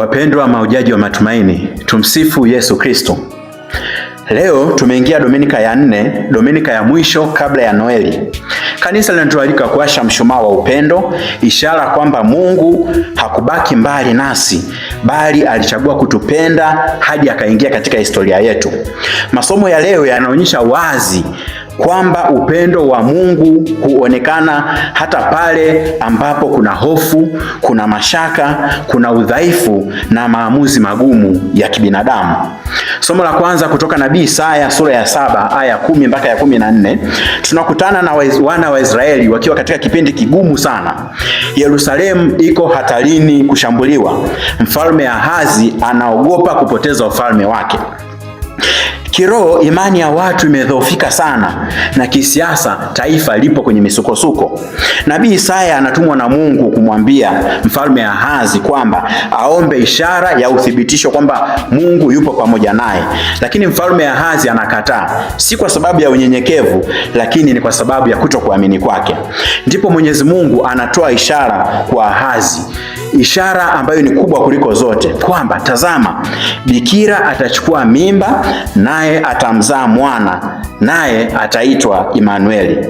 Wapendwa maujaji wa matumaini, tumsifu Yesu Kristo. Leo tumeingia dominika ya nne, dominika ya mwisho kabla ya Noeli. Kanisa linatualika kuwasha mshumaa wa upendo, ishara kwamba Mungu hakubaki mbali nasi, bali alichagua kutupenda hadi akaingia katika historia yetu. Masomo ya leo yanaonyesha wazi kwamba upendo wa Mungu huonekana hata pale ambapo kuna hofu, kuna mashaka, kuna udhaifu na maamuzi magumu ya kibinadamu. Somo la kwanza kutoka nabii Isaya sura ya saba aya kumi mpaka ya kumi na nne tunakutana na wana wa Israeli wakiwa katika kipindi kigumu sana. Yerusalemu iko hatarini kushambuliwa. Mfalme Ahazi anaogopa kupoteza ufalme wake. Kiroho imani ya watu imedhoofika sana, na kisiasa taifa lipo kwenye misukosuko. Nabii Isaya anatumwa na Mungu kumwambia mfalme Ahazi kwamba aombe ishara ya uthibitisho kwamba Mungu yupo pamoja naye, lakini mfalme Ahazi anakataa, si kwa sababu ya unyenyekevu, lakini ni kwa sababu ya kutokuamini kwake. Ndipo Mwenyezi Mungu anatoa ishara kwa Ahazi ishara ambayo ni kubwa kuliko zote kwamba tazama, bikira atachukua mimba naye atamzaa mwana naye ataitwa Imanueli.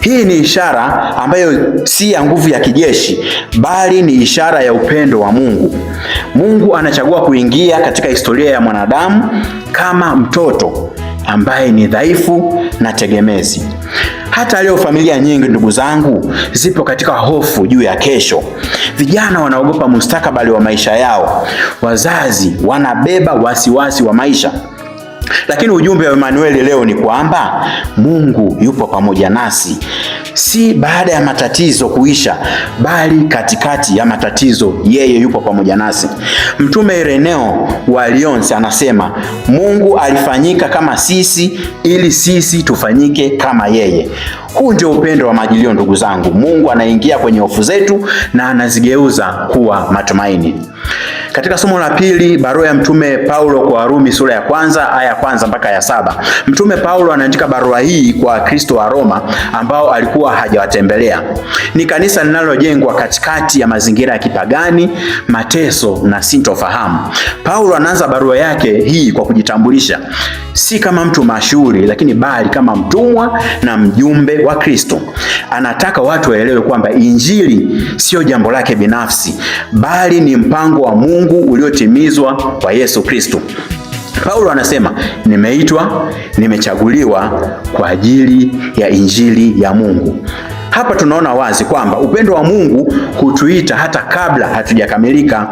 Hii ni ishara ambayo si ya nguvu ya kijeshi, bali ni ishara ya upendo wa Mungu. Mungu anachagua kuingia katika historia ya mwanadamu kama mtoto ambaye ni dhaifu na tegemezi. Hata leo familia nyingi, ndugu zangu, zipo katika hofu juu ya kesho. Vijana wanaogopa mustakabali wa maisha yao, wazazi wanabeba wasiwasi wa maisha. Lakini ujumbe wa Emanueli leo ni kwamba Mungu yupo pamoja nasi si baada ya matatizo kuisha, bali katikati ya matatizo yeye yupo pamoja nasi. Mtume Ireneo wa lions anasema Mungu alifanyika kama sisi ili sisi tufanyike kama yeye. Huu ndio upendo wa Majilio, ndugu zangu. Mungu anaingia kwenye hofu zetu na anazigeuza kuwa matumaini. Katika somo la pili, barua ya mtume Paulo kwa Warumi sura ya kwanza aya ya kwanza mpaka ya saba. Mtume Paulo anaandika barua hii kwa Wakristo wa Roma ambao alikuwa hajawatembelea. Ni kanisa linalojengwa katikati ya mazingira ya kipagani, mateso na sintofahamu. Paulo anaanza barua yake hii kwa kujitambulisha, si kama mtu mashuhuri, lakini bali kama mtumwa na mjumbe wa Kristo. Anataka watu waelewe kwamba injili sio jambo lake binafsi, bali ni mpango wa Mungu Mungu uliotimizwa kwa Yesu Kristo. Paulo anasema nimeitwa, nimechaguliwa kwa ajili ya injili ya Mungu. Hapa tunaona wazi kwamba upendo wa Mungu hutuita hata kabla hatujakamilika.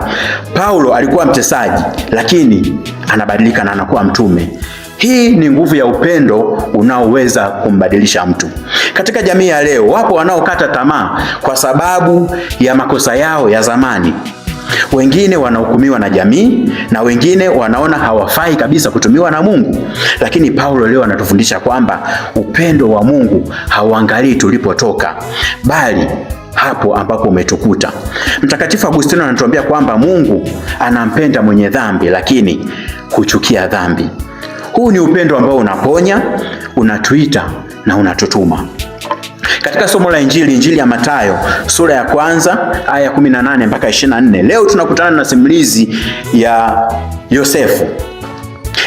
Paulo alikuwa mtesaji, lakini anabadilika na anakuwa mtume. Hii ni nguvu ya upendo unaoweza kumbadilisha mtu. Katika jamii ya leo, wapo wanaokata tamaa kwa sababu ya makosa yao ya zamani. Wengine wanahukumiwa na jamii na wengine wanaona hawafai kabisa kutumiwa na Mungu. Lakini Paulo leo anatufundisha kwamba upendo wa Mungu hauangalii tulipotoka, bali hapo ambapo umetukuta. Mtakatifu Agustino anatuambia kwamba Mungu anampenda mwenye dhambi, lakini kuchukia dhambi. Huu ni upendo ambao unaponya, unatuita na unatutuma. Katika somo la Injili, Injili ya Mathayo sura ya kwanza aya ya 18 mpaka 24, leo tunakutana na simulizi ya Yosefu.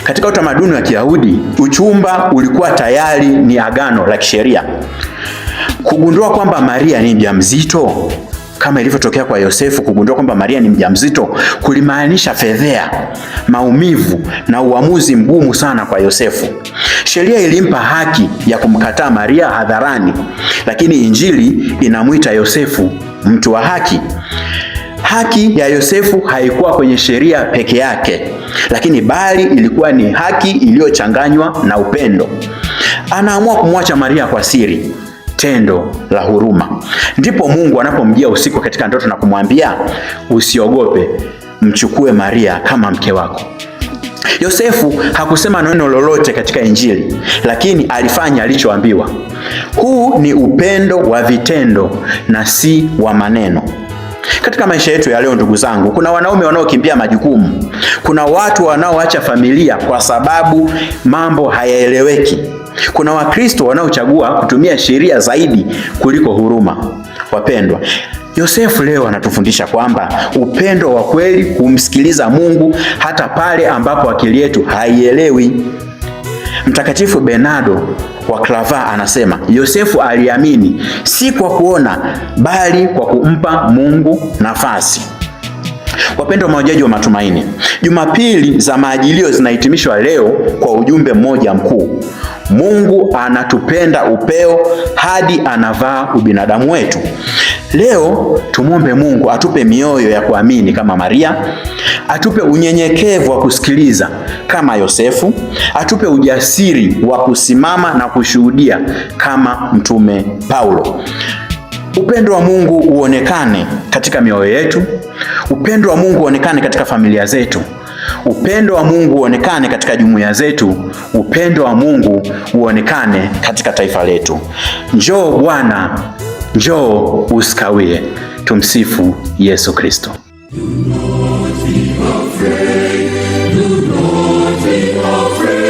Katika utamaduni wa Kiyahudi, uchumba ulikuwa tayari ni agano la kisheria. Kugundua kwamba Maria ni mjamzito kama ilivyotokea kwa Yosefu kugundua kwamba Maria ni mjamzito kulimaanisha fedhea, maumivu na uamuzi mgumu sana kwa Yosefu. Sheria ilimpa haki ya kumkataa Maria hadharani, lakini Injili inamwita Yosefu mtu wa haki. Haki ya Yosefu haikuwa kwenye sheria peke yake, lakini bali ilikuwa ni haki iliyochanganywa na upendo. Anaamua kumwacha Maria kwa siri, tendo la huruma. Ndipo Mungu anapomjia usiku katika ndoto na kumwambia, usiogope, mchukue Maria kama mke wako. Yosefu hakusema neno lolote katika Injili, lakini alifanya alichoambiwa. Huu ni upendo wa vitendo na si wa maneno. Katika maisha yetu ya leo, ndugu zangu, kuna wanaume wanaokimbia majukumu, kuna watu wanaoacha familia kwa sababu mambo hayaeleweki, kuna Wakristo wanaochagua kutumia sheria zaidi kuliko huruma. Wapendwa, Yosefu leo anatufundisha kwamba upendo wa kweli kumsikiliza Mungu hata pale ambapo akili yetu haielewi. Mtakatifu Bernardo wa clava anasema Yosefu aliamini si kwa kuona, bali kwa kumpa Mungu nafasi. Wapendwa mahujaji wa matumaini, Jumapili za maajilio zinahitimishwa leo kwa ujumbe mmoja mkuu. Mungu anatupenda upeo hadi anavaa ubinadamu wetu. Leo tumwombe Mungu atupe mioyo ya kuamini kama Maria, atupe unyenyekevu wa kusikiliza kama Yosefu, atupe ujasiri wa kusimama na kushuhudia kama Mtume Paulo. Upendo wa Mungu uonekane katika mioyo yetu. Upendo wa Mungu uonekane katika familia zetu upendo wa Mungu uonekane katika jumuiya zetu, upendo wa Mungu uonekane katika taifa letu. Njoo Bwana, njoo usikawie. Tumsifu Yesu Kristo. Do not be afraid, do not be afraid.